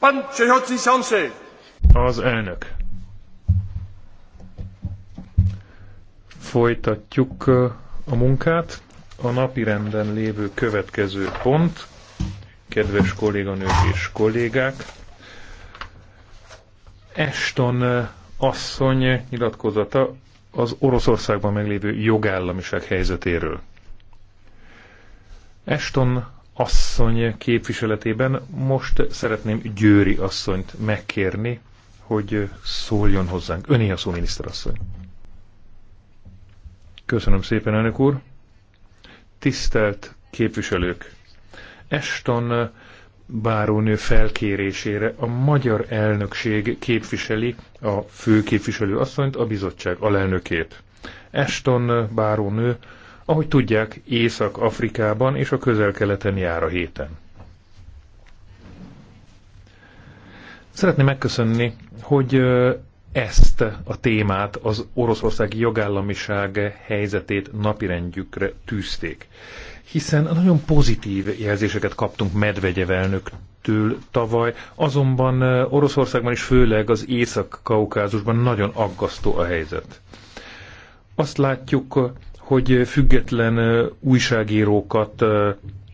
Pan przewodniczący! Az elnök. Folytatjuk a munkát. A napi renden lévő következő pont, kedves kolléganők és kollégák, Eston asszony nyilatkozata az Oroszországban meglévő jogállamiság helyzetéről. Eston asszony képviseletében most szeretném Győri asszonyt megkérni, hogy szóljon hozzánk. Öné a szó, miniszterasszony. Köszönöm szépen, elnök úr. Tisztelt képviselők! Eston bárónő felkérésére a magyar elnökség képviseli a főképviselő asszonyt, a bizottság alelnökét. Eston bárónő ahogy tudják, Észak-Afrikában és a közel-keleten jár a héten. Szeretném megköszönni, hogy ezt a témát, az oroszországi jogállamiság helyzetét napirendjükre tűzték. Hiszen nagyon pozitív jelzéseket kaptunk Medvegyev elnöktől tavaly, azonban Oroszországban is főleg az Észak-Kaukázusban nagyon aggasztó a helyzet. Azt látjuk, hogy független újságírókat,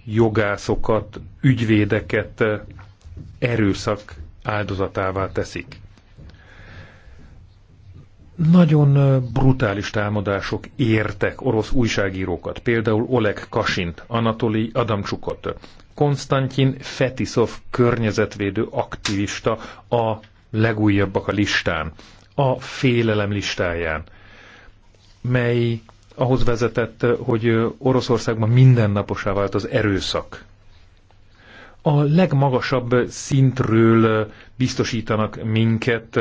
jogászokat, ügyvédeket erőszak áldozatává teszik. Nagyon brutális támadások értek orosz újságírókat, például Oleg Kasint, Anatoli Adamcsukot, Konstantin Fetisov környezetvédő aktivista a legújabbak a listán, a félelem listáján, mely ahhoz vezetett, hogy Oroszországban mindennaposá vált az erőszak. A legmagasabb szintről biztosítanak minket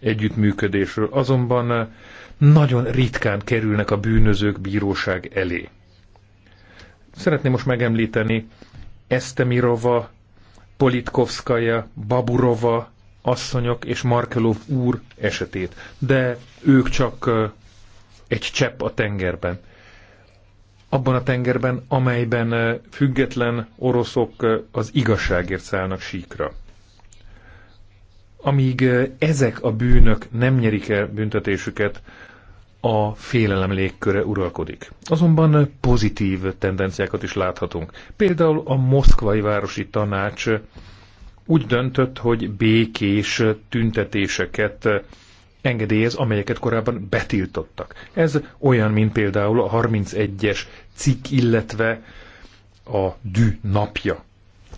együttműködésről, azonban nagyon ritkán kerülnek a bűnözők bíróság elé. Szeretném most megemlíteni Esztemirova, Politkovskaja, Baburova asszonyok és Markelov úr esetét, de ők csak egy csepp a tengerben. Abban a tengerben, amelyben független oroszok az igazságért szállnak síkra. Amíg ezek a bűnök nem nyerik el büntetésüket, a félelem légköre uralkodik. Azonban pozitív tendenciákat is láthatunk. Például a Moszkvai Városi Tanács úgy döntött, hogy békés tüntetéseket engedélyez, amelyeket korábban betiltottak. Ez olyan, mint például a 31-es cikk, illetve a dű napja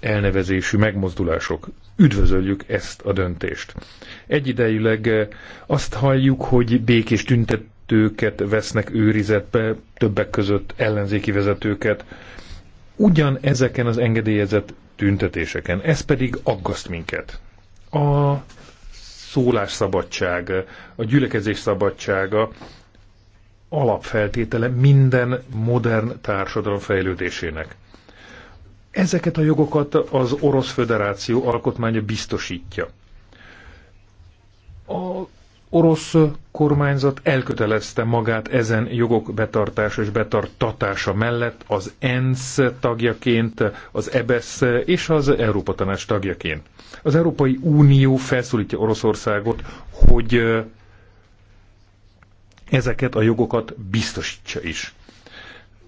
elnevezésű megmozdulások. Üdvözöljük ezt a döntést. Egyidejűleg eh, azt halljuk, hogy békés tüntetőket vesznek őrizetbe, többek között ellenzéki vezetőket, ugyan ezeken az engedélyezett tüntetéseken. Ez pedig aggaszt minket. A szólásszabadság, a gyülekezés szabadsága alapfeltétele minden modern társadalom fejlődésének. Ezeket a jogokat az Orosz Föderáció alkotmánya biztosítja. A orosz kormányzat elkötelezte magát ezen jogok betartása és betartatása mellett az ENSZ tagjaként, az EBESZ és az Európa Tanács tagjaként. Az Európai Unió felszólítja Oroszországot, hogy ezeket a jogokat biztosítsa is.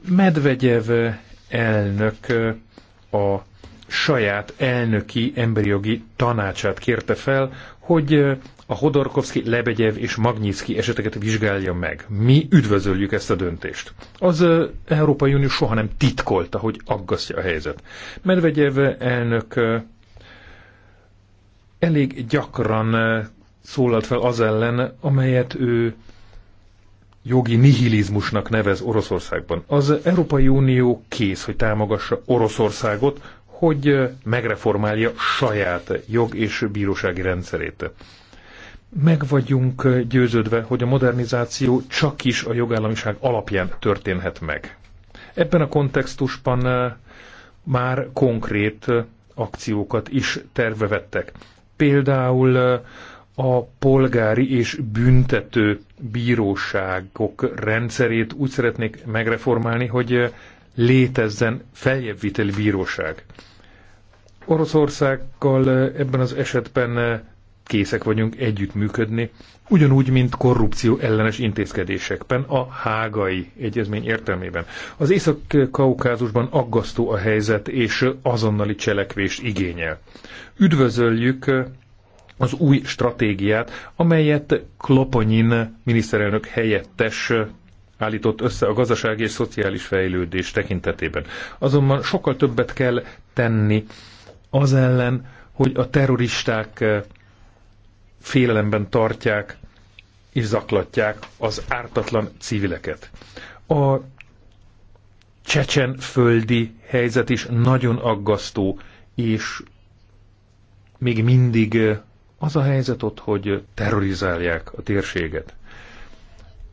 Medvegyev elnök a saját elnöki emberi jogi tanácsát kérte fel, hogy a Hodorkovszki, Lebegyev és Magnyitszki eseteket vizsgálja meg. Mi üdvözöljük ezt a döntést. Az Európai Unió soha nem titkolta, hogy aggasztja a helyzet. Medvegyev elnök elég gyakran szólalt fel az ellen, amelyet ő jogi nihilizmusnak nevez Oroszországban. Az Európai Unió kész, hogy támogassa Oroszországot, hogy megreformálja saját jog- és bírósági rendszerét. Meg vagyunk győződve, hogy a modernizáció csak is a jogállamiság alapján történhet meg. Ebben a kontextusban már konkrét akciókat is vettek. Például a polgári és büntető bíróságok rendszerét úgy szeretnék megreformálni, hogy létezzen feljebbviteli bíróság. Oroszországgal ebben az esetben készek vagyunk együttműködni, ugyanúgy, mint korrupció ellenes intézkedésekben, a hágai egyezmény értelmében. Az Észak-Kaukázusban aggasztó a helyzet, és azonnali cselekvést igényel. Üdvözöljük az új stratégiát, amelyet Kloponyin miniszterelnök helyettes állított össze a gazdasági és szociális fejlődés tekintetében. Azonban sokkal többet kell tenni az ellen, hogy a terroristák félelemben tartják és zaklatják az ártatlan civileket. A csecsen földi helyzet is nagyon aggasztó, és még mindig az a helyzet ott, hogy terrorizálják a térséget.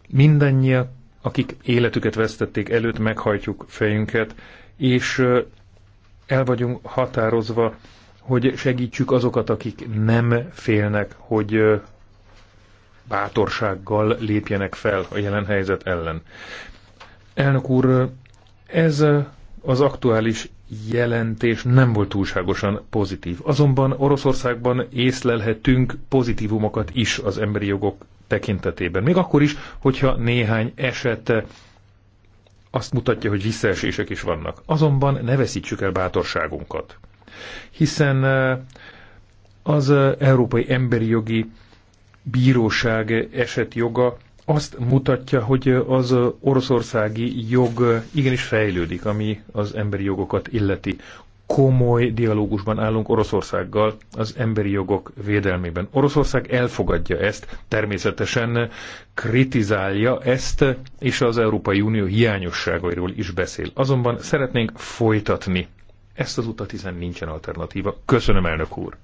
Mindennyia, akik életüket vesztették előtt, meghajtjuk fejünket, és el vagyunk határozva, hogy segítsük azokat, akik nem félnek, hogy bátorsággal lépjenek fel a jelen helyzet ellen. Elnök úr, ez az aktuális jelentés nem volt túlságosan pozitív. Azonban Oroszországban észlelhetünk pozitívumokat is az emberi jogok tekintetében. Még akkor is, hogyha néhány eset azt mutatja, hogy visszaesések is vannak. Azonban ne veszítsük el bátorságunkat hiszen az Európai Emberi Jogi Bíróság esetjoga azt mutatja, hogy az oroszországi jog igenis fejlődik, ami az emberi jogokat illeti. Komoly dialógusban állunk Oroszországgal az emberi jogok védelmében. Oroszország elfogadja ezt, természetesen kritizálja ezt, és az Európai Unió hiányosságairól is beszél. Azonban szeretnénk folytatni ezt az utat, hiszen nincsen alternatíva. Köszönöm, elnök úr!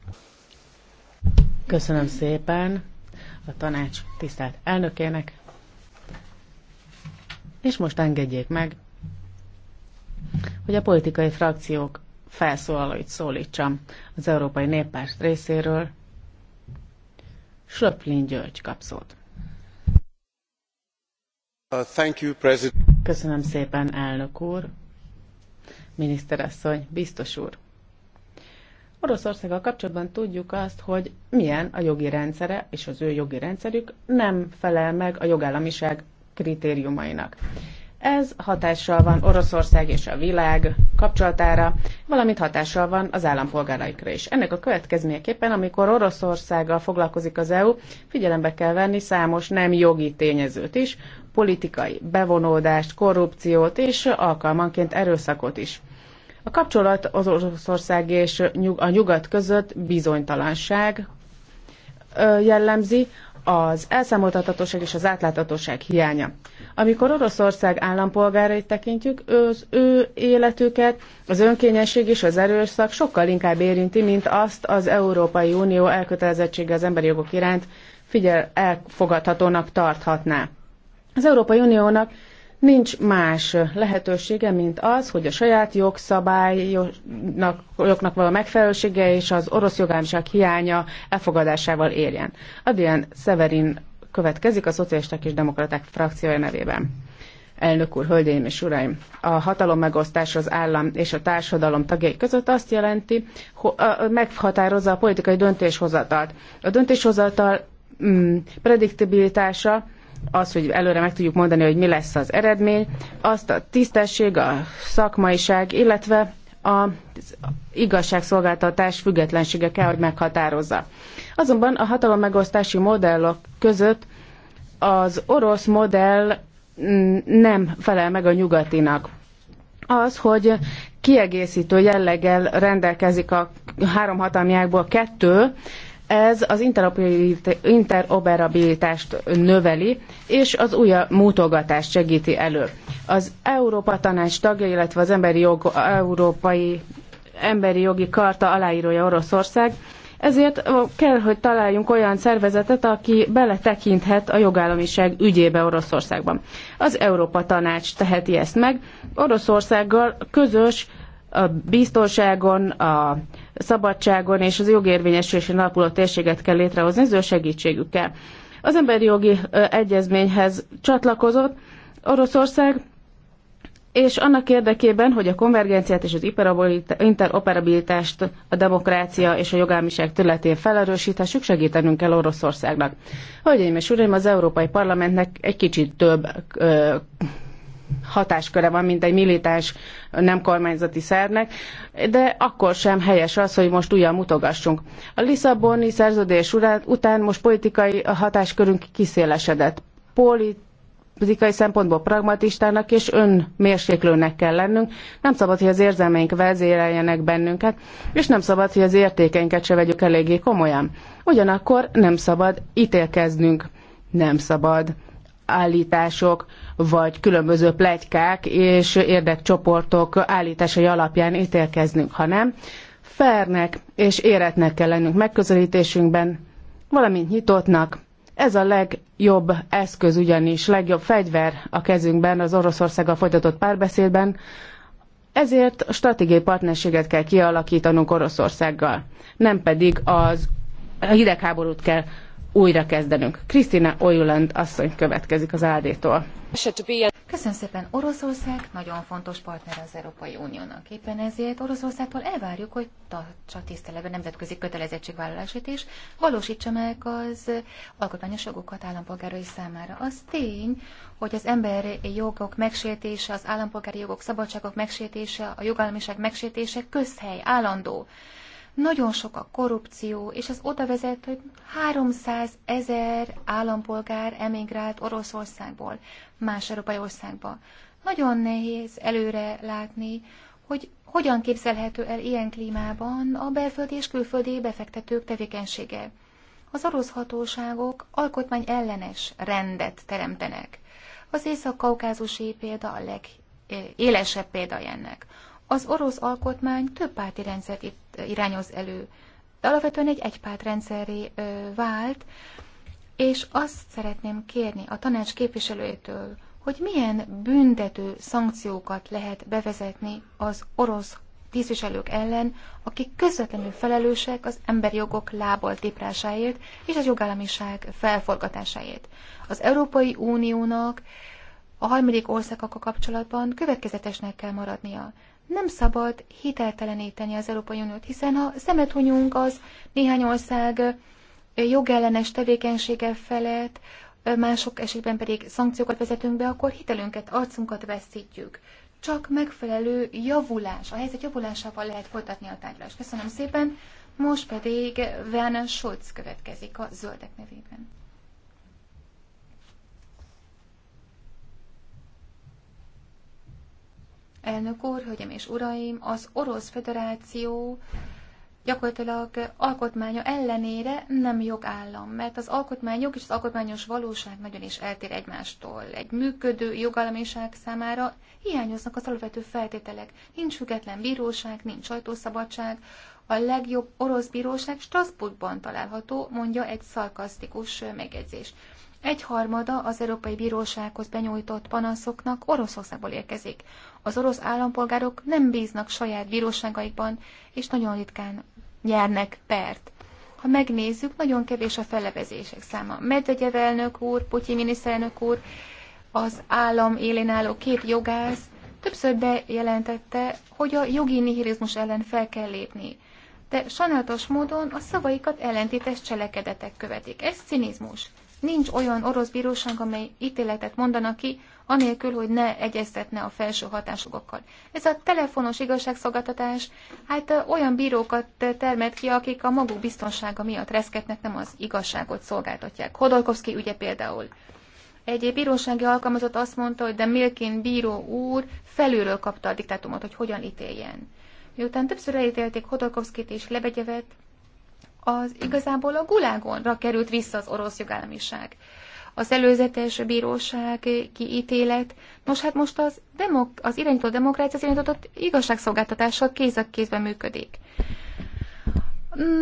Köszönöm szépen a tanács tisztelt elnökének, és most engedjék meg, hogy a politikai frakciók felszólalóit szólítsam az Európai Néppárt részéről. Slöplin György kap szót. Uh, thank you, President. Köszönöm szépen, elnök úr miniszterasszony, biztos úr. Oroszországgal kapcsolatban tudjuk azt, hogy milyen a jogi rendszere, és az ő jogi rendszerük nem felel meg a jogállamiság kritériumainak. Ez hatással van Oroszország és a világ kapcsolatára, valamint hatással van az állampolgáraikra is. Ennek a következményeképpen, amikor Oroszországgal foglalkozik az EU, figyelembe kell venni számos nem jogi tényezőt is, politikai bevonódást, korrupciót és alkalmanként erőszakot is. A kapcsolat az Oroszország és a nyugat között bizonytalanság jellemzi, az elszámoltathatóság és az átláthatóság hiánya. Amikor Oroszország állampolgárait tekintjük, az ő életüket az önkényesség és az erőszak sokkal inkább érinti, mint azt az Európai Unió elkötelezettsége az emberi jogok iránt figyel elfogadhatónak tarthatná. Az Európai Uniónak nincs más lehetősége, mint az, hogy a saját jogszabályoknak jognak való megfelelősége és az orosz jogállamiság hiánya elfogadásával érjen. Adrián Severin következik a Szocialisták és Demokraták frakciója nevében. Elnök úr, hölgyeim és uraim! A hatalom megosztás az állam és a társadalom tagjai között azt jelenti, hogy meghatározza a politikai döntéshozatalt. A döntéshozatal mm, prediktibilitása az, hogy előre meg tudjuk mondani, hogy mi lesz az eredmény, azt a tisztesség, a szakmaiság, illetve a igazságszolgáltatás függetlensége kell, hogy meghatározza. Azonban a hatalom megosztási modellok között az orosz modell mm, nem felel meg a nyugatinak. Az, hogy kiegészítő jelleggel rendelkezik a három hatalmiákból kettő, ez az interoperabilitást növeli, és az új mutogatást segíti elő. Az Európa Tanács tagja, illetve az Emberi, Jog, Európai, Emberi Jogi Karta aláírója Oroszország, ezért kell, hogy találjunk olyan szervezetet, aki beletekinthet a jogállamiság ügyébe Oroszországban. Az Európa Tanács teheti ezt meg. Oroszországgal közös a biztonságon, a szabadságon és az jogérvényesülésen alapuló térséget kell létrehozni az ő segítségükkel. Az emberi jogi egyezményhez csatlakozott Oroszország, és annak érdekében, hogy a konvergenciát és az interoperabilitást a demokrácia és a jogállamiság területén felerősíthessük, segítenünk kell Oroszországnak. Hölgyeim és Uraim, az Európai Parlamentnek egy kicsit több ö, hatásköre van, mint egy militáns nem kormányzati szernek, de akkor sem helyes az, hogy most újra mutogassunk. A Lisszaboni szerződés után most politikai hatáskörünk kiszélesedett. Politikai szempontból pragmatistának és önmérséklőnek kell lennünk. Nem szabad, hogy az érzelmeink vezéreljenek bennünket, és nem szabad, hogy az értékeinket se vegyük eléggé komolyan. Ugyanakkor nem szabad ítélkeznünk, nem szabad állítások, vagy különböző plegykák és érdekcsoportok állításai alapján ítélkeznünk, hanem fernek és éretnek kell lennünk megközelítésünkben, valamint nyitottnak. Ez a legjobb eszköz ugyanis, legjobb fegyver a kezünkben az Oroszországgal folytatott párbeszédben, ezért stratégiai partnerséget kell kialakítanunk Oroszországgal, nem pedig az hidegháborút kell újra kezdenünk. Krisztina Ojuland asszony következik az AD-tól. Köszönöm szépen. Oroszország nagyon fontos partner az Európai Uniónak. Éppen ezért Oroszországtól elvárjuk, hogy tartsa tiszteletben nemzetközi kötelezettségvállalásait is valósítsa meg az alkotmányos jogokat állampolgárai számára. Az tény, hogy az emberi jogok megsértése, az állampolgári jogok, szabadságok megsértése, a jogállamiság megsértése közhely, állandó. Nagyon sok a korrupció, és az oda vezet, hogy 300 ezer állampolgár emigrált Oroszországból más európai országba. Nagyon nehéz előre látni, hogy hogyan képzelhető el ilyen klímában a belföldi és külföldi befektetők tevékenysége. Az orosz hatóságok alkotmány ellenes rendet teremtenek. Az észak-kaukázusi példa a legélesebb példa ennek. Az orosz alkotmány több párti rendszert irányoz elő. De alapvetően egy rendszeré vált, és azt szeretném kérni a tanács képviselőjétől, hogy milyen büntető szankciókat lehet bevezetni az orosz tisztviselők ellen, akik közvetlenül felelősek az emberi jogok lából tiprásáért és az jogállamiság felforgatásáért. Az Európai Uniónak a harmadik országokkal kapcsolatban következetesnek kell maradnia nem szabad hitelteleníteni az Európai Uniót, hiszen ha szemet hunyunk az néhány ország jogellenes tevékenysége felett, mások esetben pedig szankciókat vezetünk be, akkor hitelünket, arcunkat veszítjük. Csak megfelelő javulás, a helyzet javulásával lehet folytatni a tárgyalást. Köszönöm szépen, most pedig Werner Schulz következik a zöldek nevében. Elnök úr, hölgyem és uraim, az Orosz Föderáció gyakorlatilag alkotmánya ellenére nem jogállam, mert az alkotmányok és az alkotmányos valóság nagyon is eltér egymástól. Egy működő jogállamiság számára hiányoznak az alapvető feltételek. Nincs független bíróság, nincs sajtószabadság. A legjobb orosz bíróság Strasbourgban található, mondja egy szarkasztikus megjegyzés. Egyharmada az Európai Bírósághoz benyújtott panaszoknak Oroszországból érkezik. Az orosz állampolgárok nem bíznak saját bíróságaikban, és nagyon ritkán nyernek pert. Ha megnézzük, nagyon kevés a fellebezések száma. Medvegyev elnök úr, Putyi miniszterelnök úr, az állam élén álló két jogász többször bejelentette, hogy a jogi nihilizmus ellen fel kell lépni. De sajnálatos módon a szavaikat ellentétes cselekedetek követik. Ez cinizmus. Nincs olyan orosz bíróság, amely ítéletet mondana ki, anélkül, hogy ne egyeztetne a felső hatásokkal. Ez a telefonos igazságszolgáltatás, hát olyan bírókat termelt ki, akik a maguk biztonsága miatt reszketnek, nem az igazságot szolgáltatják. Hodolkovszki ügye például. Egy bírósági alkalmazott azt mondta, hogy de Milkin bíró úr felülről kapta a diktátumot, hogy hogyan ítéljen. Miután többször elítélték Hodorkovszkit és Lebegyevet, az igazából a gulágonra került vissza az orosz jogállamiság. Az előzetes bíróság kiítélet. Nos, hát most az, demok- az irányító demokrácia, az irányított igazságszolgáltatással kéz a kézben működik.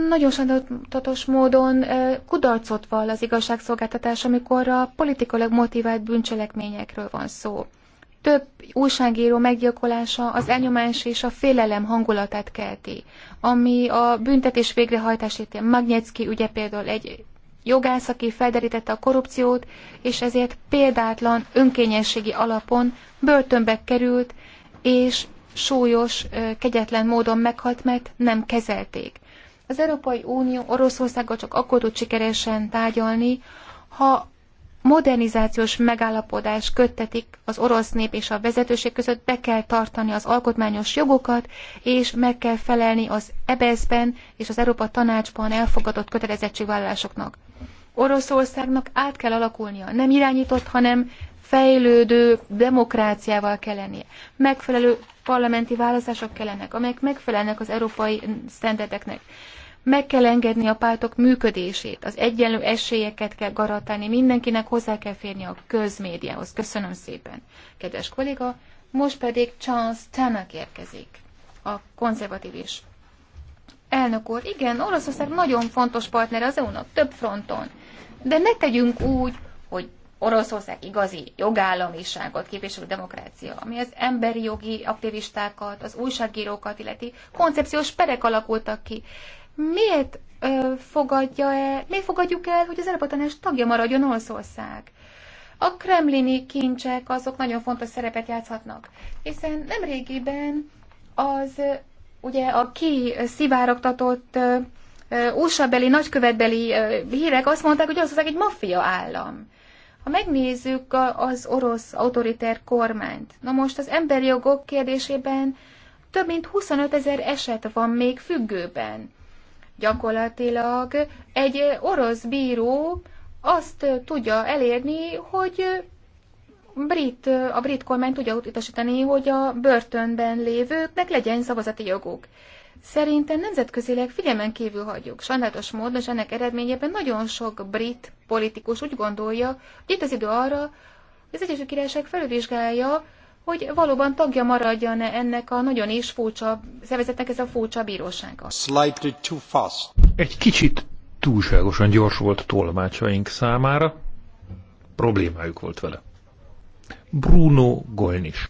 Nagyon sajnálatos módon kudarcot vall az igazságszolgáltatás, amikor a politikailag motivált bűncselekményekről van szó több újságíró meggyilkolása az elnyomás és a félelem hangulatát kelti, ami a büntetés végrehajtásét, Magnyecki ügye például egy jogász, aki felderítette a korrupciót, és ezért példátlan önkényességi alapon börtönbe került, és súlyos, kegyetlen módon meghalt, mert nem kezelték. Az Európai Unió Oroszországgal csak akkor tud sikeresen tárgyalni, ha modernizációs megállapodás köttetik az orosz nép és a vezetőség között, be kell tartani az alkotmányos jogokat, és meg kell felelni az EBSZ-ben e és az Európa Tanácsban elfogadott kötelezettségvállalásoknak. Oroszországnak át kell alakulnia, nem irányított, hanem fejlődő demokráciával kell lennie. Megfelelő parlamenti választások kellenek, amelyek megfelelnek az európai sztenderdeknek. Meg kell engedni a pártok működését, az egyenlő esélyeket kell garantálni, mindenkinek hozzá kell férni a közmédiához. Köszönöm szépen, kedves kolléga. Most pedig Charles Tannock érkezik, a konzervatív is. Elnök úr, igen, Oroszország nagyon fontos partner az EU-nak több fronton, de ne tegyünk úgy, hogy Oroszország igazi jogállamiságot képviselő demokrácia, ami az emberi jogi aktivistákat, az újságírókat illeti koncepciós perek alakultak ki miért fogadja -e, miért fogadjuk el, hogy az Európa tagja maradjon Olaszország? A kremlini kincsek azok nagyon fontos szerepet játszhatnak, hiszen nemrégiben az ugye a ki szivárogtatott usa nagykövetbeli hírek azt mondták, hogy Oroszország egy maffia állam. Ha megnézzük az orosz autoriter kormányt, na most az emberi jogok kérdésében több mint 25 ezer eset van még függőben. Gyakorlatilag egy orosz bíró azt tudja elérni, hogy brit, a brit kormány tudja utasítani, hogy a börtönben lévőknek legyen szavazati joguk. Szerintem nemzetközileg figyelmen kívül hagyjuk. Sajnálatos módon, és ennek eredményében nagyon sok brit politikus úgy gondolja, hogy itt az idő arra, hogy az Egyesült Királyság felülvizsgálja hogy valóban tagja maradjon ennek a nagyon is furcsa szervezetnek, ez a furcsa bírósága. Slightly too fast. Egy kicsit túlságosan gyors volt a tolmácsaink számára. Problémájuk volt vele. Bruno Golnis.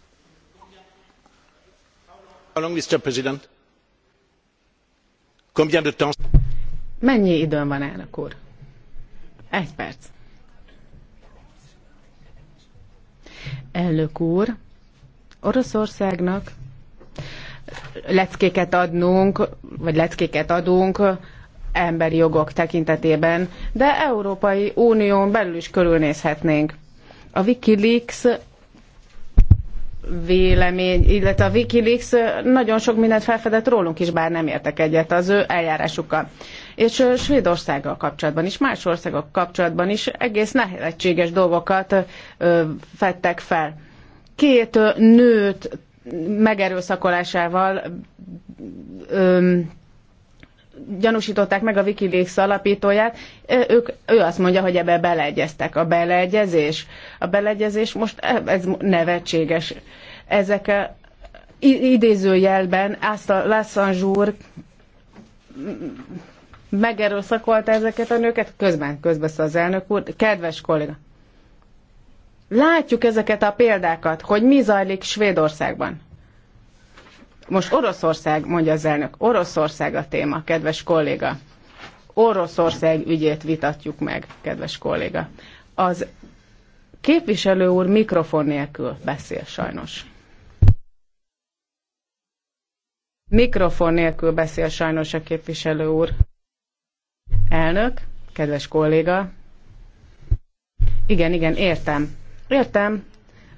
Mennyi időn van, elnök úr? Egy perc. Elnök úr, Oroszországnak leckéket adnunk, vagy leckéket adunk emberi jogok tekintetében, de Európai Unión belül is körülnézhetnénk. A Wikileaks vélemény, illetve a Wikileaks nagyon sok mindent felfedett rólunk is, bár nem értek egyet az ő eljárásukkal. És Svédországgal kapcsolatban is, más országok kapcsolatban is egész nehézséges dolgokat fedtek fel két nőt megerőszakolásával öm, gyanúsították meg a Wikileaks alapítóját, ők, ő azt mondja, hogy ebbe beleegyeztek. A beleegyezés, a beleegyezés most e, ez nevetséges. Ezek idézőjelben azt a Lassange úr megerőszakolta ezeket a nőket, közben közbesz az elnök úr. Kedves kolléga, Látjuk ezeket a példákat, hogy mi zajlik Svédországban. Most Oroszország, mondja az elnök, Oroszország a téma, kedves kolléga. Oroszország ügyét vitatjuk meg, kedves kolléga. Az képviselő úr mikrofon nélkül beszél sajnos. Mikrofon nélkül beszél sajnos a képviselő úr. Elnök, kedves kolléga. Igen, igen, értem. Értem,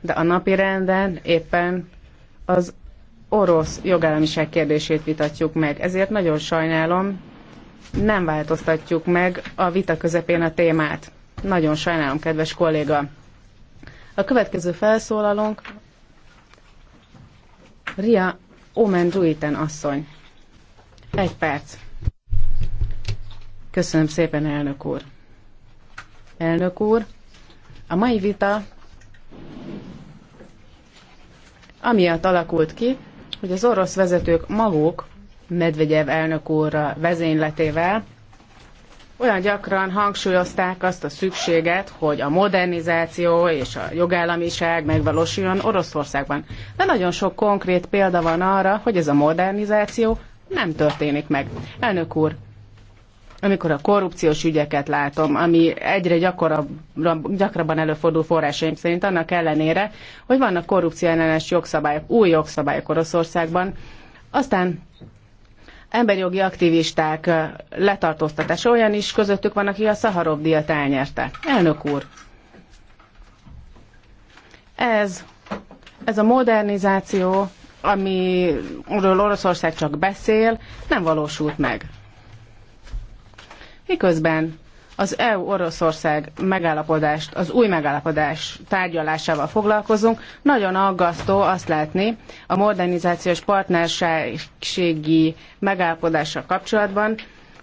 de a napi renden éppen az orosz jogállamiság kérdését vitatjuk meg. Ezért nagyon sajnálom, nem változtatjuk meg a vita közepén a témát. Nagyon sajnálom, kedves kolléga. A következő felszólalónk Ria Omen Ruiten asszony. Egy perc. Köszönöm szépen, elnök úr. Elnök úr, a mai vita amiatt alakult ki, hogy az orosz vezetők maguk Medvegyev elnök úr vezényletével olyan gyakran hangsúlyozták azt a szükséget, hogy a modernizáció és a jogállamiság megvalósuljon Oroszországban. De nagyon sok konkrét példa van arra, hogy ez a modernizáció nem történik meg. Elnök úr, amikor a korrupciós ügyeket látom, ami egyre gyakrabban előfordul forrásaim szerint, annak ellenére, hogy vannak korrupció ellenes jogszabályok, új jogszabályok Oroszországban, aztán emberjogi aktivisták letartóztatás olyan is közöttük van, aki a Szaharov díjat elnyerte. Elnök úr, ez, ez a modernizáció, amiről Oroszország csak beszél, nem valósult meg miközben az EU-Oroszország megállapodást, az új megállapodás tárgyalásával foglalkozunk. Nagyon aggasztó azt látni a modernizációs partnerségi megállapodással kapcsolatban,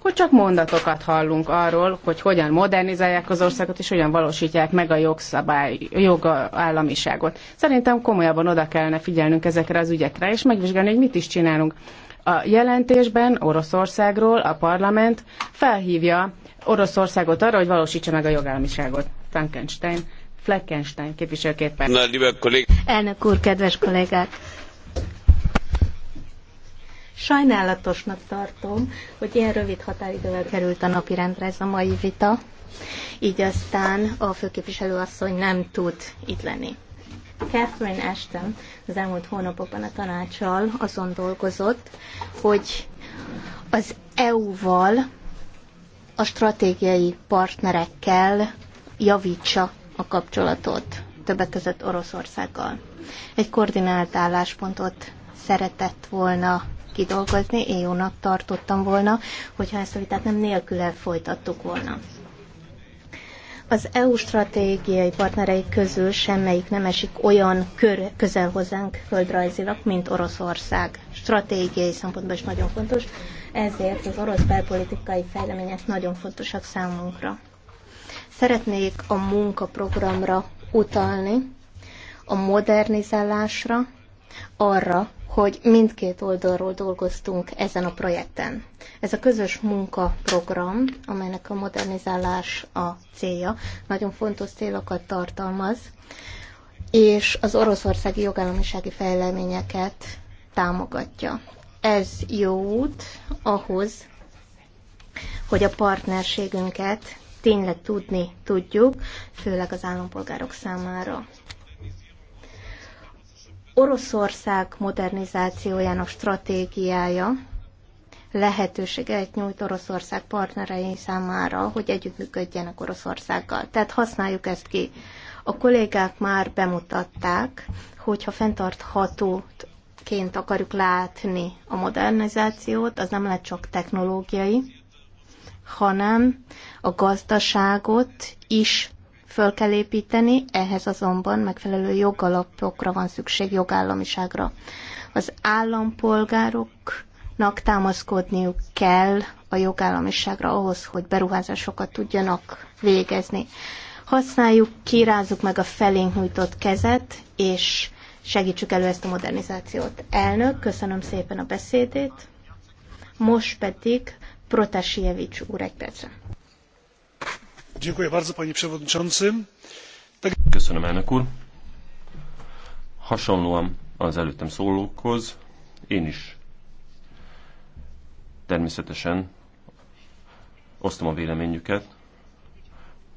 akkor csak mondatokat hallunk arról, hogy hogyan modernizálják az országot, és hogyan valósítják meg a jogszabály, jogállamiságot. Szerintem komolyabban oda kellene figyelnünk ezekre az ügyekre, és megvizsgálni, hogy mit is csinálunk. A jelentésben Oroszországról a parlament felhívja Oroszországot arra, hogy valósítsa meg a jogállamiságot. Frankenstein, Fleckenstein képviselőképpen. két Elnök úr, kedves kollégák! Sajnálatosnak tartom, hogy ilyen rövid határidővel került a napirendre ez a mai vita, így aztán a főképviselő asszony nem tud itt lenni. Catherine Ashton az elmúlt hónapokban a tanácsal azon dolgozott, hogy az EU-val, a stratégiai partnerekkel javítsa a kapcsolatot, többek között Oroszországgal. Egy koordinált álláspontot szeretett volna kidolgozni. Én jónak tartottam volna, hogyha ezt a vitát nem nélküle folytattuk volna. Az EU stratégiai partnerei közül semmelyik nem esik olyan kör, közel hozzánk földrajzilag, mint Oroszország. Stratégiai szempontból is nagyon fontos, ezért az orosz belpolitikai fejlemények nagyon fontosak számunkra. Szeretnék a munkaprogramra utalni, a modernizálásra, arra, hogy mindkét oldalról dolgoztunk ezen a projekten. Ez a közös munkaprogram, amelynek a modernizálás a célja, nagyon fontos célokat tartalmaz, és az oroszországi jogállamisági fejleményeket támogatja. Ez jó út ahhoz, hogy a partnerségünket tényleg tudni tudjuk, főleg az állampolgárok számára. Oroszország modernizációjának stratégiája lehetőséget nyújt Oroszország partnerei számára, hogy együttműködjenek Oroszországgal. Tehát használjuk ezt ki. A kollégák már bemutatták, hogyha fenntarthatóként akarjuk látni a modernizációt, az nem lehet csak technológiai, hanem a gazdaságot is föl kell építeni, ehhez azonban megfelelő jogalapokra van szükség, jogállamiságra. Az állampolgároknak támaszkodniuk kell a jogállamiságra ahhoz, hogy beruházásokat tudjanak végezni. Használjuk, kirázzuk meg a felénk nyújtott kezet, és segítsük elő ezt a modernizációt. Elnök, köszönöm szépen a beszédét. Most pedig Protasievics úr egy percre. Köszönöm, elnök úr. Hasonlóan az előttem szólókhoz, én is természetesen osztom a véleményüket,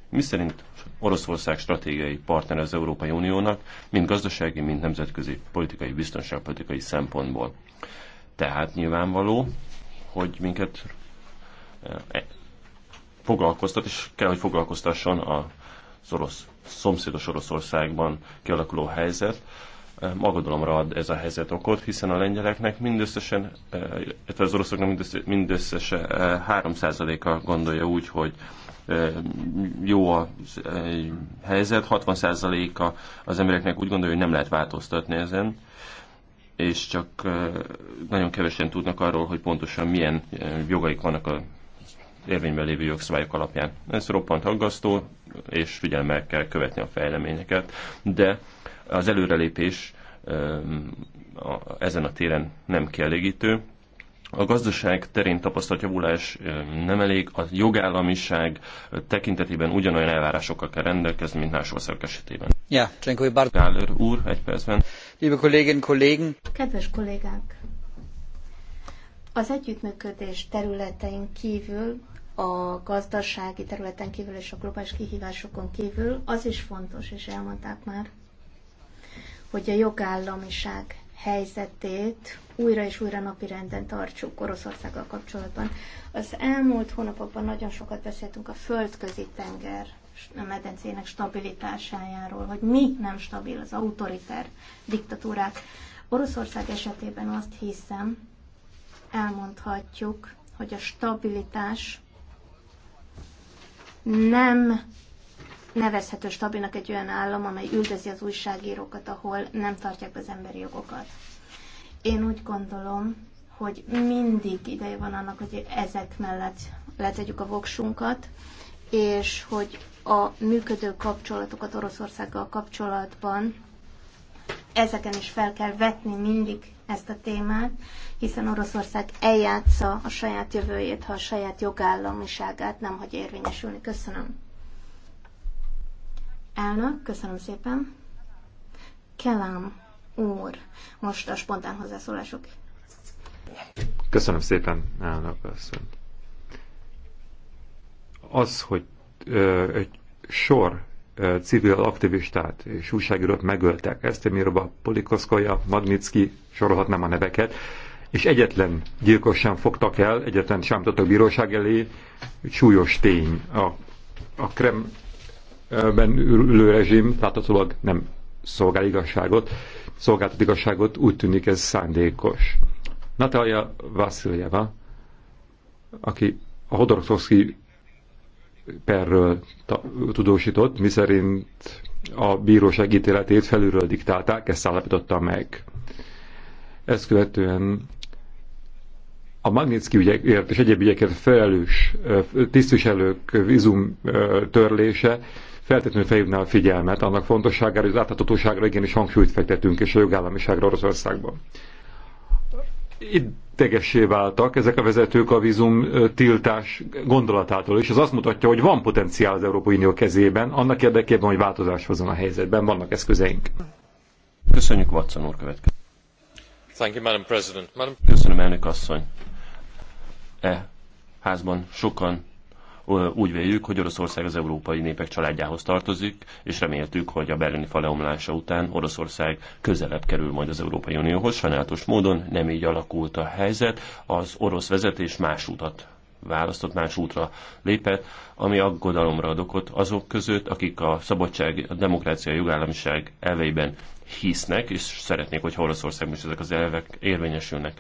miszerint Oroszország stratégiai partner az Európai Uniónak, mind gazdasági, mind nemzetközi politikai, biztonságpolitikai szempontból. Tehát nyilvánvaló, hogy minket foglalkoztat, és kell, hogy foglalkoztasson a orosz, szomszédos Oroszországban kialakuló helyzet. Magadalomra ad ez a helyzet okot, hiszen a lengyeleknek mindösszesen, e, illetve az oroszoknak mindösszesen 3%-a e, gondolja úgy, hogy e, jó a helyzet, 60%-a az embereknek úgy gondolja, hogy nem lehet változtatni ezen, és csak nagyon kevesen tudnak arról, hogy pontosan milyen jogaik vannak a érvényben lévő jogszabályok alapján. Ez roppant aggasztó, és figyelmel kell követni a fejleményeket, de az előrelépés ezen a téren nem kielégítő. A gazdaság terén tapasztalt javulás nem elég, a jogállamiság tekintetében ugyanolyan elvárásokkal kell rendelkezni, mint más országok esetében. Ja, Gáler úr, egy percben. Liebe Kolleginnen Kollegen. Kedves kollégák! Az együttműködés területein kívül, a gazdasági területen kívül és a globális kihívásokon kívül az is fontos, és elmondták már, hogy a jogállamiság helyzetét újra és újra napirenden tartsuk Oroszországgal kapcsolatban. Az elmúlt hónapokban nagyon sokat beszéltünk a földközi tenger a medencének stabilitásájáról, hogy mi nem stabil az autoriter diktatúrák. Oroszország esetében azt hiszem, elmondhatjuk, hogy a stabilitás nem nevezhető stabilnak egy olyan állam, amely üldözi az újságírókat, ahol nem tartják az emberi jogokat. Én úgy gondolom, hogy mindig ideje van annak, hogy ezek mellett letegyük a voksunkat, és hogy a működő kapcsolatokat Oroszországgal kapcsolatban ezeken is fel kell vetni mindig ezt a témát, hiszen Oroszország eljátsza a saját jövőjét, ha a saját jogállamiságát nem hagy érvényesülni. Köszönöm. Elnök, köszönöm szépen. Kelám úr, most a spontán hozzászólások. Köszönöm szépen, elnök asszony. Az, hogy ö, egy sor civil aktivistát és újságírót megöltek. Esztemirova, Polikoszkoja, Magnitsky, sorolhatnám a neveket, és egyetlen gyilkos sem fogtak el, egyetlen sem tudtak bíróság elé, súlyos tény. A, a Kremben ülő rezsim láthatólag nem szolgál igazságot, szolgáltat igazságot, úgy tűnik ez szándékos. Natalia Vasiljeva, aki a Hodorkovsky perről tudósított, miszerint a bíróság ítéletét felülről diktálták, ezt állapította meg. Ezt követően a Magnitsky ügyekért és egyéb ügyekért felelős tisztviselők vízum törlése feltétlenül felhívná a figyelmet annak fontosságára, hogy az igen igenis hangsúlyt fektetünk és a jogállamiságra Oroszországban idegessé váltak ezek a vezetők a vízum tiltás gondolatától, és ez azt mutatja, hogy van potenciál az Európai Unió kezében, annak érdekében, hogy változás hozzon a helyzetben, vannak eszközeink. Köszönjük, Watson úr következő. Thank you, Madam President. Madam... Köszönöm, elnök asszony. E házban sokan úgy véljük, hogy Oroszország az európai népek családjához tartozik, és reméltük, hogy a berlini fal leomlása után Oroszország közelebb kerül majd az Európai Unióhoz. Sajnálatos módon nem így alakult a helyzet, az orosz vezetés más utat választott, más útra lépett, ami aggodalomra ad okot azok között, akik a szabadság, a demokrácia, a jogállamiság elveiben hisznek, és szeretnék, hogy Oroszországban is ezek az elvek érvényesülnek.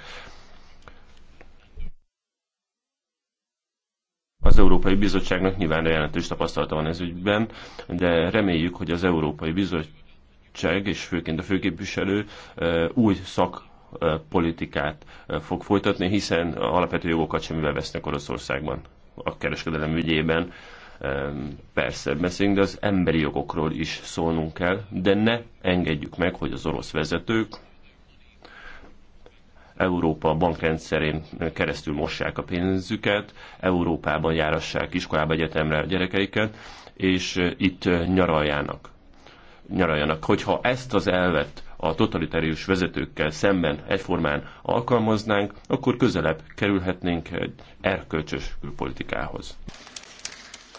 Az Európai Bizottságnak nyilván jelentős tapasztalata van ez ügyben, de reméljük, hogy az Európai Bizottság és főként a főképviselő új szak politikát fog folytatni, hiszen alapvető jogokat semmivel vesznek Oroszországban a kereskedelem ügyében. Persze beszélünk, de az emberi jogokról is szólnunk kell, de ne engedjük meg, hogy az orosz vezetők Európa bankrendszerén keresztül mossák a pénzüket, Európában járassák iskolába, egyetemre a gyerekeiket, és itt nyaraljának. nyaraljanak. Hogyha ezt az elvet a totalitárius vezetőkkel szemben egyformán alkalmaznánk, akkor közelebb kerülhetnénk egy erkölcsös külpolitikához.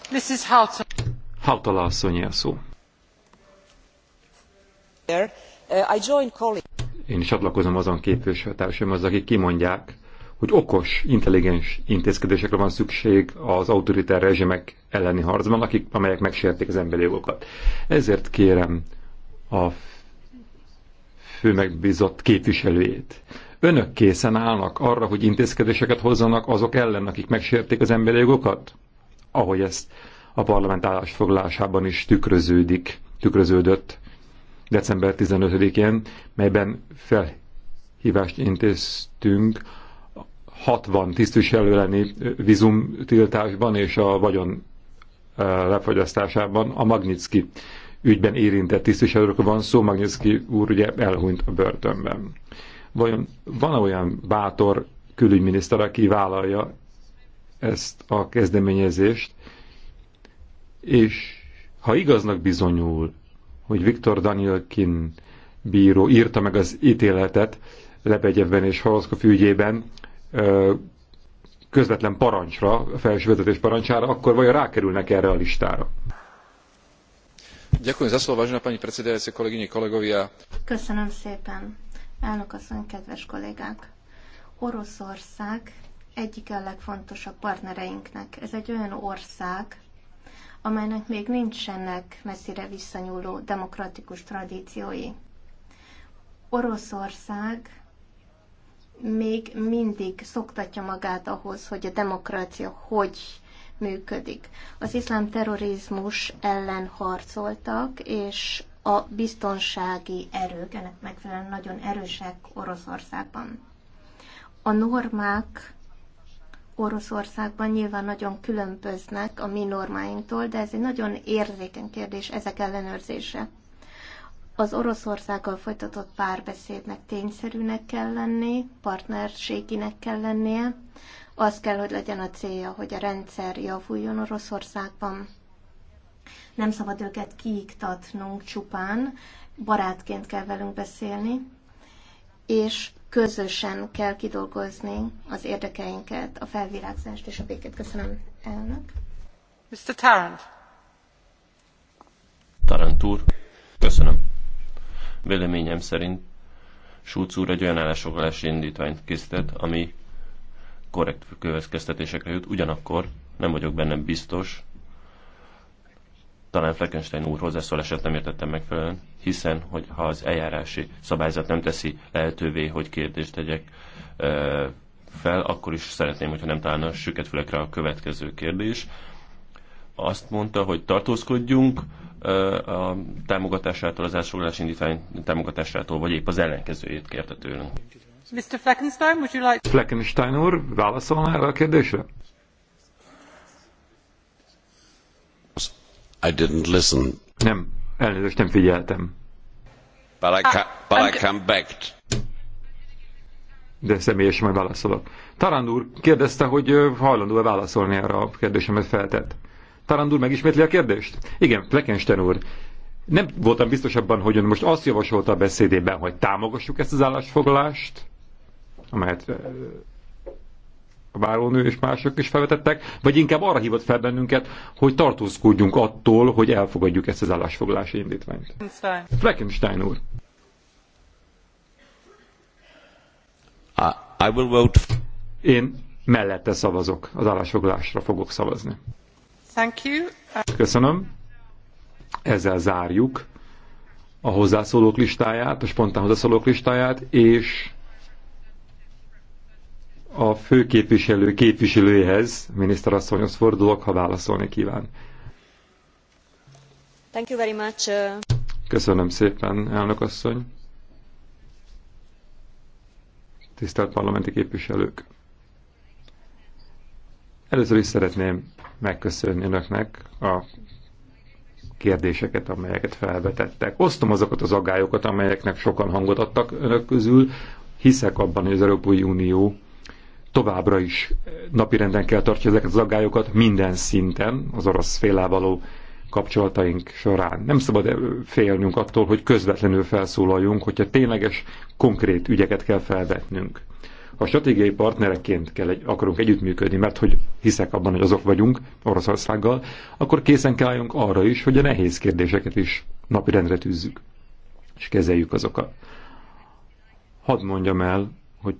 This is Hautala. asszonyi a szó. Uh, I join colleagues én is csatlakozom azon az, akik kimondják, hogy okos, intelligens intézkedésekre van szükség az autoritár rezsimek elleni harcban, akik, amelyek megsértik az emberi jogokat. Ezért kérem a fő megbízott képviselőjét. Önök készen állnak arra, hogy intézkedéseket hozzanak azok ellen, akik megsértik az emberi jogokat? Ahogy ezt a parlament állásfoglalásában is tükröződik, tükröződött december 15-én, melyben felhívást intéztünk 60 tisztviselő lenni vízumtiltásban és a vagyon eh, lefogyasztásában a Magnitsky ügyben érintett tisztviselőkről van szó, Magnitsky úr ugye elhunyt a börtönben. Vajon van -e olyan bátor külügyminiszter, aki vállalja ezt a kezdeményezést, és ha igaznak bizonyul, hogy Viktor Danielkin bíró írta meg az ítéletet Lebegyevben és Halaszkov ügyében közvetlen parancsra, vezetés parancsára, akkor vajon rákerülnek erre a listára? Ďakujem za slovo, vážená pani predsedajúca, kolegyne, kolegovia. Köszönöm szépen. Elnök asszony, kedves kollégák! Oroszország egyik a legfontosabb partnereinknek. Ez egy olyan ország, amelynek még nincsenek messzire visszanyúló demokratikus tradíciói. Oroszország még mindig szoktatja magát ahhoz, hogy a demokrácia hogy működik. Az iszlám terrorizmus ellen harcoltak, és a biztonsági erők ennek megfelelően nagyon erősek Oroszországban. A normák Oroszországban nyilván nagyon különböznek a mi normáinktól, de ez egy nagyon érzékeny kérdés ezek ellenőrzése. Az Oroszországgal folytatott párbeszédnek tényszerűnek kell lenni, partnerséginek kell lennie. Az kell, hogy legyen a célja, hogy a rendszer javuljon Oroszországban. Nem szabad őket kiiktatnunk csupán, barátként kell velünk beszélni, és közösen kell kidolgozni az érdekeinket, a felvirágzást és a békét. Köszönöm, elnök. Mr. Tarrant. Tarrant úr, köszönöm. Véleményem szerint Schulz úr egy olyan állásfoglalási indítványt készített, ami korrekt következtetésekre jut, ugyanakkor nem vagyok benne biztos, talán Fleckenstein úr hozzászólását nem értettem megfelelően, hiszen, hogy ha az eljárási szabályzat nem teszi lehetővé, hogy kérdést tegyek fel, akkor is szeretném, hogyha nem találna süket fülekre a következő kérdés. Azt mondta, hogy tartózkodjunk a támogatásától, az elsőgálás indítvány támogatásától, vagy épp az ellenkezőjét kérte tőlünk. Mr. Fleckenstein, would you like... Fleckenstein úr, válaszolna erre a kérdésre? I didn't listen. Nem, elnézést nem figyeltem. But I, ah, ca- but I come back. De személyesen majd válaszolok. Tarand úr kérdezte, hogy hajlandó-e válaszolni arra a kérdésemet feltett. Tarand úr megismétli a kérdést? Igen, Fleckenstein úr. Nem voltam biztos abban, hogy ön most azt javasolta a beszédében, hogy támogassuk ezt az állásfoglalást, amelyet várónő és mások is felvetettek, vagy inkább arra hívott fel bennünket, hogy tartózkodjunk attól, hogy elfogadjuk ezt az állásfoglalási indítványt. Fleckenstein úr. I will vote. Én mellette szavazok, az állásfoglalásra fogok szavazni. Thank you. Köszönöm. Ezzel zárjuk a hozzászólók listáját, a spontán hozzászólók listáját, és a főképviselő képviselőjehez, miniszterasszonyhoz fordulok, ha válaszolni kíván. Thank you very much. Uh, Köszönöm szépen, elnök asszony. Tisztelt parlamenti képviselők! Először is szeretném megköszönni önöknek a kérdéseket, amelyeket felvetettek. Osztom azokat az agályokat, amelyeknek sokan hangot adtak önök közül. Hiszek abban, hogy az Európai Unió továbbra is napirenden kell tartja ezeket az aggályokat minden szinten, az orosz félelvaló kapcsolataink során. Nem szabad e- félnünk attól, hogy közvetlenül felszólaljunk, hogyha tényleges, konkrét ügyeket kell felvetnünk. A stratégiai partnereként kell egy, akarunk együttműködni, mert hogy hiszek abban, hogy azok vagyunk Oroszországgal, akkor készen kell álljunk arra is, hogy a nehéz kérdéseket is napirendre tűzzük, és kezeljük azokat. Hadd mondjam el, hogy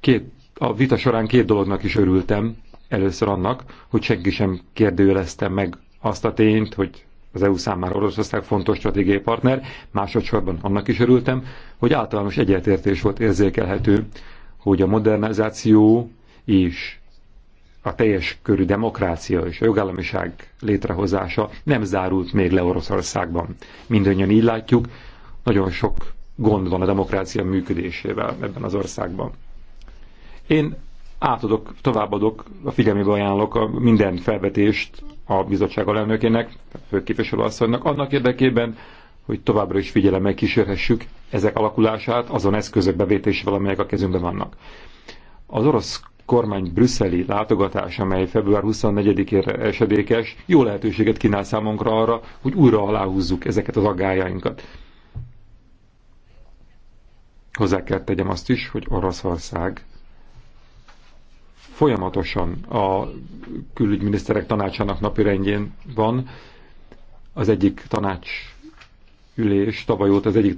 két a vita során két dolognak is örültem. Először annak, hogy senki sem kérdőjelezte meg azt a tényt, hogy az EU számára Oroszország fontos stratégiai partner, másodszorban annak is örültem, hogy általános egyetértés volt érzékelhető, hogy a modernizáció és a teljes körű demokrácia és a jogállamiság létrehozása nem zárult még le Oroszországban. Mindannyian így látjuk, nagyon sok gond van a demokrácia működésével ebben az országban. Én átadok, továbbadok, a figyelmébe ajánlok a minden felvetést a bizottság alelnökének, a főképviselőasszonynak, annak érdekében, hogy továbbra is figyelemmel kísérhessük ezek alakulását azon eszközök bevétésével, amelyek a kezünkben vannak. Az orosz kormány brüsszeli látogatás, amely február 24-ére esedékes, jó lehetőséget kínál számunkra arra, hogy újra aláhúzzuk ezeket az aggájainkat. Hozzá kell tegyem azt is, hogy Oroszország folyamatosan a külügyminiszterek tanácsának napirendjén van. Az egyik tanács ülés, tavaly óta az egyik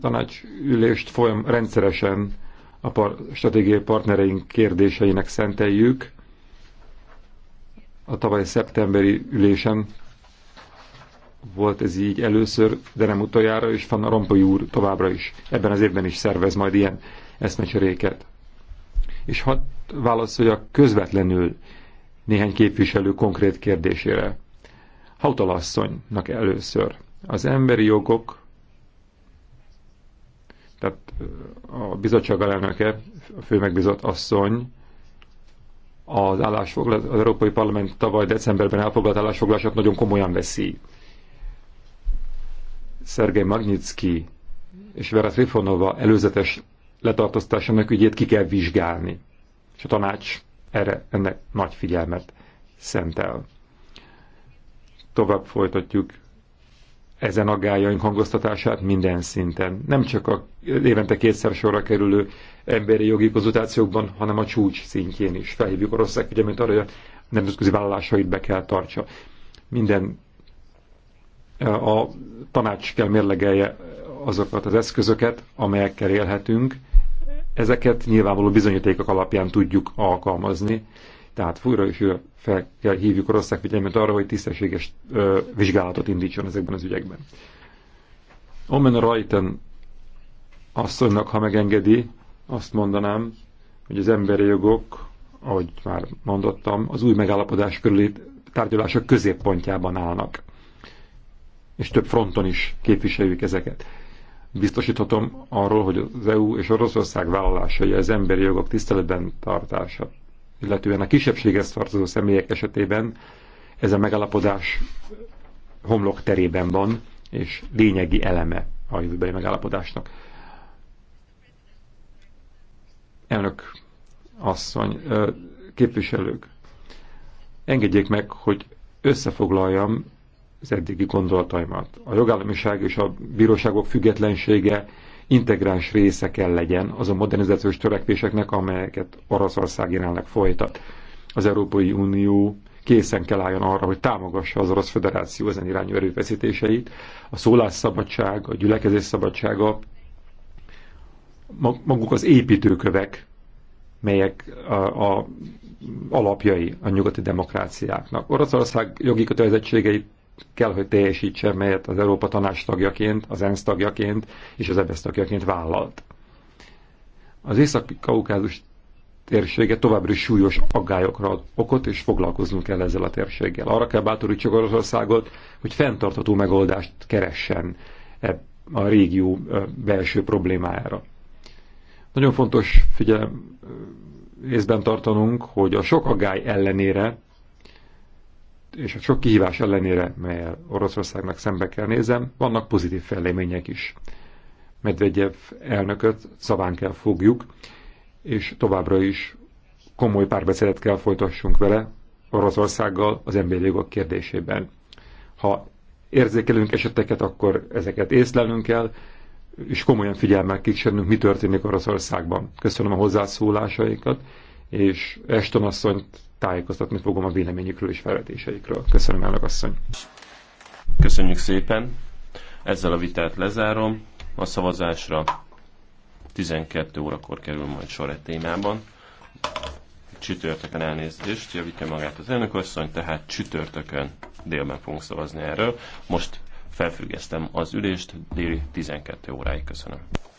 tanács ülést folyam, rendszeresen a par, stratégiai partnereink kérdéseinek szenteljük. A tavaly szeptemberi ülésen volt ez így először, de nem utoljára, és Van Rompuy úr továbbra is, ebben az évben is szervez majd ilyen eszmecseréket. És hadd válaszolja közvetlenül néhány képviselő konkrét kérdésére. Hautalasszonynak először. Az emberi jogok, tehát a bizottság alelnöke, a főmegbizott asszony, az, állásfoglal, az Európai Parlament tavaly decemberben elfoglalt állásfoglalását nagyon komolyan veszi. Szergej Magnitsky és Vera Trifonova előzetes letartóztásának ügyét ki kell vizsgálni és a tanács erre ennek nagy figyelmet szentel. Tovább folytatjuk ezen aggájaink hangoztatását minden szinten. Nem csak a évente kétszer sorra kerülő emberi jogi konzultációkban, hanem a csúcs szintjén is. Felhívjuk Oroszország figyelmét arra, hogy a nemzetközi vállalásait be kell tartsa. Minden a tanács kell mérlegelje azokat az eszközöket, amelyekkel élhetünk, Ezeket nyilvánvaló bizonyítékok alapján tudjuk alkalmazni, tehát újra és újra fel kell hívjuk Oroszország figyelmet arra, hogy tisztességes ö, vizsgálatot indítson ezekben az ügyekben. Omen Rajten asszonynak, ha megengedi, azt mondanám, hogy az emberi jogok, ahogy már mondottam, az új megállapodás körüli tárgyalások középpontjában állnak. És több fronton is képviseljük ezeket biztosíthatom arról, hogy az EU és Oroszország vállalásai az emberi jogok tiszteletben tartása, illetően a kisebbséghez tartozó személyek esetében ez a megállapodás homlok terében van, és lényegi eleme a jövőbeli megállapodásnak. Elnök asszony, képviselők, engedjék meg, hogy összefoglaljam az eddigi gondolataimat. A jogállamiság és a bíróságok függetlensége integráns része kell legyen Az a modernizációs törekvéseknek, amelyeket Oroszország jelenleg folytat. Az Európai Unió készen kell álljon arra, hogy támogassa az Orosz Föderáció ezen irányú erőfeszítéseit, a szólásszabadság, a gyülekezés szabadsága, maguk az építőkövek, melyek a, a alapjai a nyugati demokráciáknak. Oroszország jogi kötelezettségeit kell, hogy teljesítse, melyet az Európa Tanács tagjaként, az ENSZ tagjaként és az EBSZ e tagjaként vállalt. Az Észak-Kaukázus térsége továbbra is súlyos aggályokra ad okot, és foglalkoznunk kell ezzel a térséggel. Arra kell bátorítsuk Oroszországot, hogy fenntartható megoldást keressen e, a régió e, belső problémájára. Nagyon fontos figyelem részben tartanunk, hogy a sok aggály ellenére és a sok kihívás ellenére, melyel Oroszországnak szembe kell nézem, vannak pozitív fejlemények is. Medvegyev elnököt szaván kell fogjuk, és továbbra is komoly párbeszédet kell folytassunk vele Oroszországgal az emberi jogok kérdésében. Ha érzékelünk eseteket, akkor ezeket észlelnünk kell, és komolyan figyelmel kísérnünk, mi történik Oroszországban. Köszönöm a hozzászólásaikat, és Eston asszonyt tájékoztatni fogom a véleményükről és felvetéseikről. Köszönöm, elnök asszony! Köszönjük szépen! Ezzel a vitát lezárom. A szavazásra 12 órakor kerül majd sor egy témában. Csütörtökön elnézést, javítja magát az asszony, tehát csütörtökön délben fogunk szavazni erről. Most felfüggesztem az ülést, déli 12 óráig köszönöm.